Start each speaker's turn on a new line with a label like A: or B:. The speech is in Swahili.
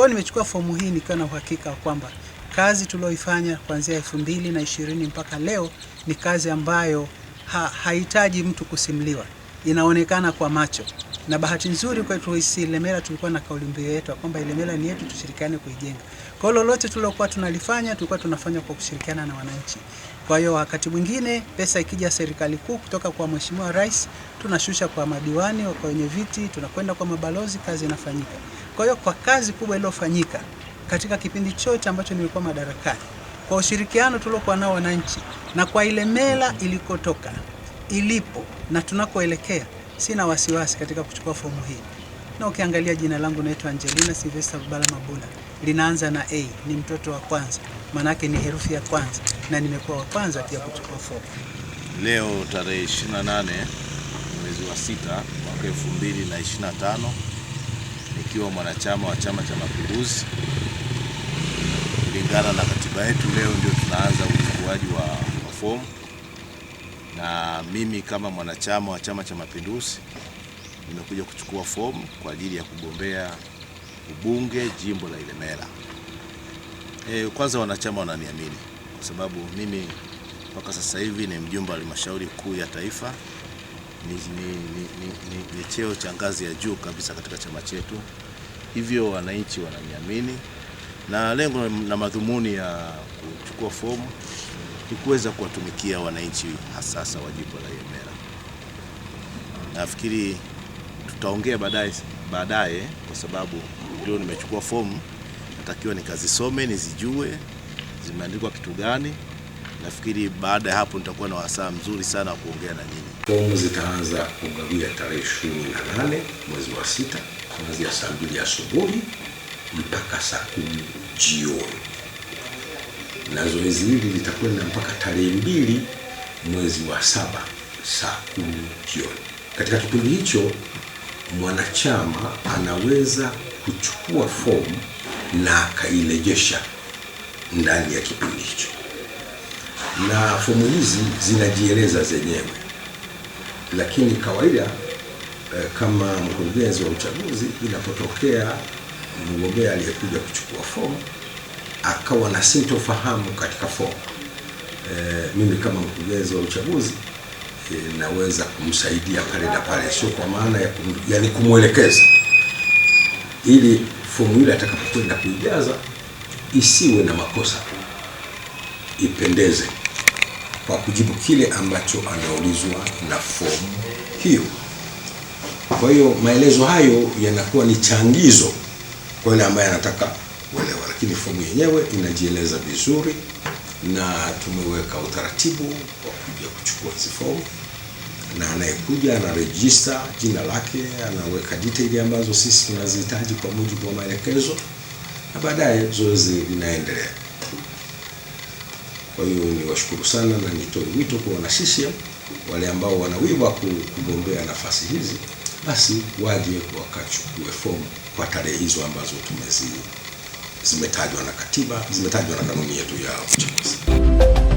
A: Kwa hiyo nimechukua fomu hii nikiwa na uhakika kwamba kazi tulioifanya kuanzia elfu mbili na ishirini mpaka leo ni kazi ambayo ha, hahitaji mtu kusimuliwa, inaonekana kwa macho na bahati nzuri kwetu hisi Ilemela tulikuwa na kauli mbiu yetu kwamba Ilemela ni yetu, tushirikiane kuijenga. Kwa hiyo lolote tulilokuwa tunalifanya tulikuwa tunafanya kwa kushirikiana na wananchi. Kwa hiyo wakati mwingine pesa ikija serikali kuu kutoka kwa Mheshimiwa Rais, tunashusha kwa madiwani, kwa wenye viti, tunakwenda kwa mabalozi, kazi inafanyika. Kwa hiyo kwa kazi kubwa iliyofanyika katika kipindi chote ambacho nilikuwa madarakani, kwa ushirikiano tuliokuwa nao wananchi na kwa Ilemela ilikotoka, ilipo na tunakoelekea Sina wasiwasi katika kuchukua fomu hii, na ukiangalia jina langu naitwa Angelina Silvesta Rubala Mabula, linaanza na A, ni mtoto wa kwanza, maanake ni herufi ya kwanza, na nimekuwa wa kwanza pia kuchukua fomu.
B: Leo tarehe 28 mwezi wa 6 mwaka 2025 nikiwa mwanachama wa Chama cha Mapinduzi, kulingana na katiba yetu, leo ndio tunaanza uchukuaji wa, wa fomu na mimi kama mwanachama wa Chama cha Mapinduzi nimekuja kuchukua fomu kwa ajili ya kugombea ubunge jimbo la Ilemela. E, kwanza wanachama wananiamini kwa sababu mimi mpaka sasa hivi ni mjumbe wa halmashauri kuu ya taifa. Ni, ni, ni, ni, ni, ni cheo cha ngazi ya juu kabisa katika chama chetu, hivyo wananchi wananiamini, na lengo na madhumuni ya kuchukua fomu ni kuweza kuwatumikia wananchi hasasa wa jimbo la Ilemela. Nafikiri tutaongea baadaye baadaye, kwa sababu ndio nimechukua fomu, natakiwa nikazisome nizijue zimeandikwa kitu gani. Nafikiri baada ya hapo nitakuwa na wasaa mzuri sana wa kuongea na nyinyi.
C: Fomu zitaanza kugawia tarehe ishirini na nane mwezi wa sita kuanzia saa mbili asubuhi mpaka saa kumi jioni na zoezi hili litakwenda mpaka tarehe mbili mwezi wa saba saa kumi jioni. Katika kipindi hicho mwanachama anaweza kuchukua fomu na akairejesha ndani ya kipindi hicho, na fomu hizi zinajieleza zenyewe, lakini kawaida eh, kama mkurugenzi wa uchaguzi, inapotokea mgombea aliyekuja kuchukua fomu akawa na sintofahamu katika fomu e, mimi kama mkurugenzi wa uchaguzi e, naweza kumsaidia pale na pale, sio kwa maana ya kum, yani kumwelekeza ili fomu ile atakapokwenda kuijaza isiwe na makosa, ipendeze kwa kujibu kile ambacho anaulizwa na fomu hiyo. Kwa hiyo maelezo hayo yanakuwa ni changizo kwa yule ambaye anataka kuelewa, lakini fomu yenyewe inajieleza vizuri na tumeweka utaratibu wa kuja kuchukua hizi fomu, na anayekuja anarejista jina lake, anaweka detail ambazo sisi tunazihitaji kwa mujibu wa maelekezo, na baadaye zoezi linaendelea. Kwa hiyo niwashukuru sana na nitoe wito kwa wana CCM wale ambao wanawiwa kugombea nafasi hizi, basi waje wakachukue fomu kwa tarehe hizo ambazo tumezi zimetajwa na katiba, zimetajwa na kanuni yetu ya uchaguzi.